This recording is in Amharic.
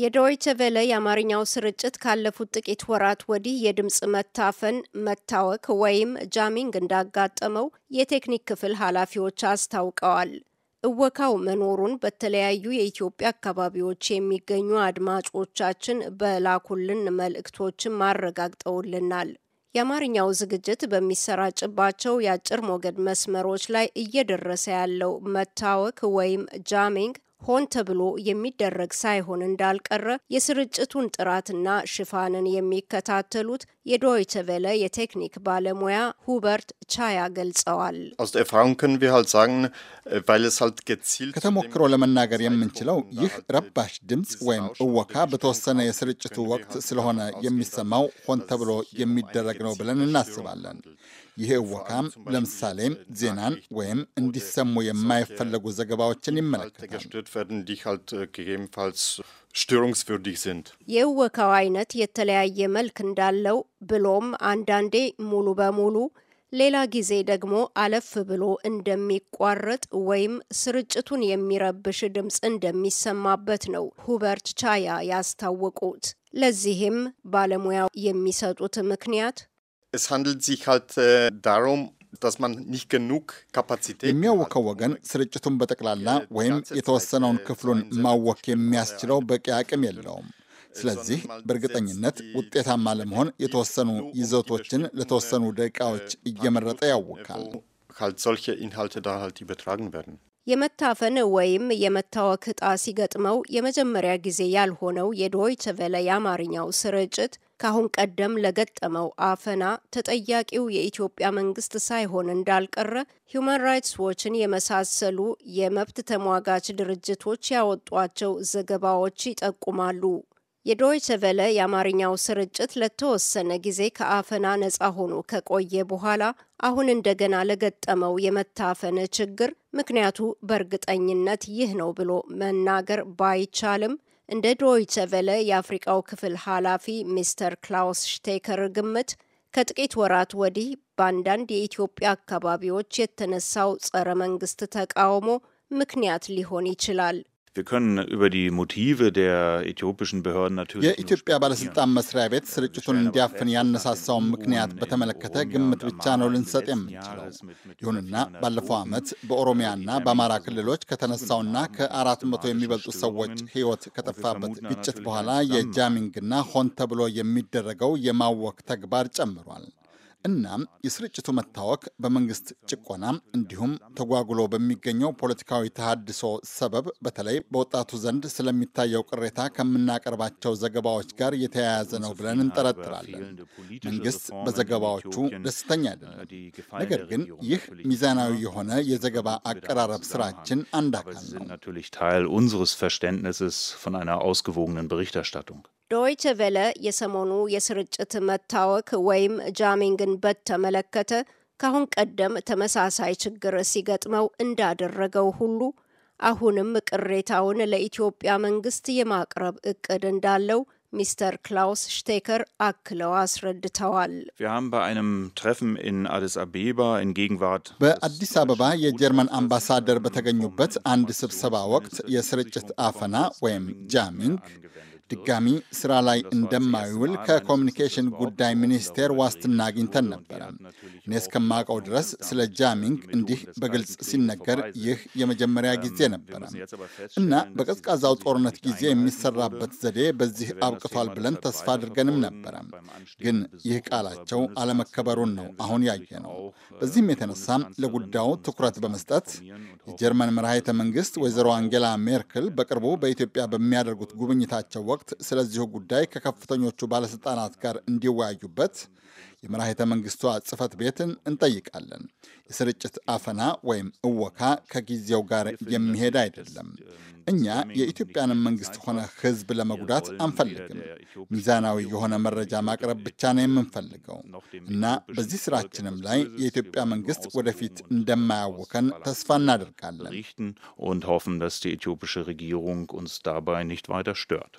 የዶይቸ ቬለ የአማርኛው ስርጭት ካለፉት ጥቂት ወራት ወዲህ የድምፅ መታፈን፣ መታወክ ወይም ጃሚንግ እንዳጋጠመው የቴክኒክ ክፍል ኃላፊዎች አስታውቀዋል። እወካው መኖሩን በተለያዩ የኢትዮጵያ አካባቢዎች የሚገኙ አድማጮቻችን በላኩልን መልእክቶችን ማረጋግጠውልናል። የአማርኛው ዝግጅት በሚሰራጭባቸው የአጭር ሞገድ መስመሮች ላይ እየደረሰ ያለው መታወክ ወይም ጃሚንግ ሆን ተብሎ የሚደረግ ሳይሆን እንዳልቀረ የስርጭቱን ጥራትና ሽፋንን የሚከታተሉት የዶይቸ ቬለ የቴክኒክ ባለሙያ ሁበርት ቻያ ገልጸዋል። äh, ከተሞክሮ ለመናገር የምንችለው ይህ ረባሽ ድምፅ ወይም እወካ በተወሰነ የስርጭቱ ወቅት ስለሆነ የሚሰማው ሆን ተብሎ የሚደረግ ነው ብለን እናስባለን። ይሄ ወካም ለምሳሌ ዜናን ወይም እንዲሰሙ የማይፈለጉ ዘገባዎችን ይመለከታል። የእወካው አይነት የተለያየ መልክ እንዳለው ብሎም አንዳንዴ ሙሉ በሙሉ ሌላ ጊዜ ደግሞ አለፍ ብሎ እንደሚቋረጥ ወይም ስርጭቱን የሚረብሽ ድምፅ እንደሚሰማበት ነው ሁበርት ቻያ ያስታወቁት። ለዚህም ባለሙያው የሚሰጡት ምክንያት es handelt sich halt äh, darum, የሚያወቀው ወገን ስርጭቱን በጠቅላላ ወይም የተወሰነውን ክፍሉን ማወክ የሚያስችለው በቂ አቅም የለውም። ስለዚህ በእርግጠኝነት ውጤታማ ለመሆን የተወሰኑ ይዘቶችን ለተወሰኑ ደቂቃዎች እየመረጠ ያውካል። የመታፈን ወይም የመታወክ ዕጣ ሲገጥመው የመጀመሪያ ጊዜ ያልሆነው የዶይቸ ቬለ የአማርኛው ስርጭት ካሁን ቀደም ለገጠመው አፈና ተጠያቂው የኢትዮጵያ መንግስት ሳይሆን እንዳልቀረ ሁማን ራይትስ ዎችን የመሳሰሉ የመብት ተሟጋች ድርጅቶች ያወጧቸው ዘገባዎች ይጠቁማሉ። የዶይቸ ቬለ የአማርኛው ስርጭት ለተወሰነ ጊዜ ከአፈና ነፃ ሆኖ ከቆየ በኋላ አሁን እንደገና ለገጠመው የመታፈን ችግር ምክንያቱ በእርግጠኝነት ይህ ነው ብሎ መናገር ባይቻልም እንደ ዶይቸ ቬለ የአፍሪቃው ክፍል ኃላፊ ሚስተር ክላውስ ሽቴከር ግምት ከጥቂት ወራት ወዲህ በአንዳንድ የኢትዮጵያ አካባቢዎች የተነሳው ጸረ መንግስት ተቃውሞ ምክንያት ሊሆን ይችላል። Wir können über die Motive der ኢትዮጵያን behöርden natürlich የኢትዮጵያ ባለስልጣን መስሪያ ቤት ስርጭቱን እንዲያፍን ያነሳሳውን ምክንያት በተመለከተ ግምት ብቻ ነው ልንሰጥ የምንችለው። ይሁንና ባለፈው ዓመት በኦሮሚያና በአማራ ክልሎች ከተነሳውና ከአራት መቶ የሚበልጡ ሰዎች ሕይወት ከጠፋበት ግጭት በኋላ የጃሚንግና ሆን ተብሎ የሚደረገው የማወክ ተግባር ጨምሯል። እናም የስርጭቱ መታወክ በመንግስት ጭቆና እንዲሁም ተጓጉሎ በሚገኘው ፖለቲካዊ ተሃድሶ ሰበብ በተለይ በወጣቱ ዘንድ ስለሚታየው ቅሬታ ከምናቀርባቸው ዘገባዎች ጋር የተያያዘ ነው ብለን እንጠረጥራለን። መንግስት በዘገባዎቹ ደስተኛ አይደለም። ነገር ግን ይህ ሚዛናዊ የሆነ የዘገባ አቀራረብ ስራችን አንድ አካል ነው። ዶይቸ ቬለ የሰሞኑ የስርጭት መታወክ ወይም ጃሚንግን በተመለከተ ካሁን ቀደም ተመሳሳይ ችግር ሲገጥመው እንዳደረገው ሁሉ አሁንም ቅሬታውን ለኢትዮጵያ መንግስት የማቅረብ እቅድ እንዳለው ሚስተር ክላውስ ሽቴከር አክለው አስረድተዋል። በአዲስ አበባ የጀርመን አምባሳደር በተገኙበት አንድ ስብሰባ ወቅት የስርጭት አፈና ወይም ጃሚንግ ድጋሚ ስራ ላይ እንደማይውል ከኮሚኒኬሽን ጉዳይ ሚኒስቴር ዋስትና አግኝተን ነበረ። እኔ እስከማውቀው ድረስ ስለ ጃሚንግ እንዲህ በግልጽ ሲነገር ይህ የመጀመሪያ ጊዜ ነበረ እና በቀዝቃዛው ጦርነት ጊዜ የሚሰራበት ዘዴ በዚህ አብቅቷል ብለን ተስፋ አድርገንም ነበረ። ግን ይህ ቃላቸው አለመከበሩን ነው አሁን ያየ ነው። በዚህም የተነሳ ለጉዳዩ ትኩረት በመስጠት የጀርመን መራሄተ መንግስት ወይዘሮ አንጌላ ሜርክል በቅርቡ በኢትዮጵያ በሚያደርጉት ጉብኝታቸው ወቅት ወቅት ስለዚሁ ጉዳይ ከከፍተኞቹ ባለሥልጣናት ጋር እንዲወያዩበት የመራሄተ መንግስቷ ጽህፈት ቤትን እንጠይቃለን። የስርጭት አፈና ወይም እወካ ከጊዜው ጋር የሚሄድ አይደለም። እኛ የኢትዮጵያንም መንግስት ሆነ ሕዝብ ለመጉዳት አንፈልግም። ሚዛናዊ የሆነ መረጃ ማቅረብ ብቻ ነው የምንፈልገው እና በዚህ ስራችንም ላይ የኢትዮጵያ መንግስት ወደፊት እንደማያወከን ተስፋ እናደርጋለን።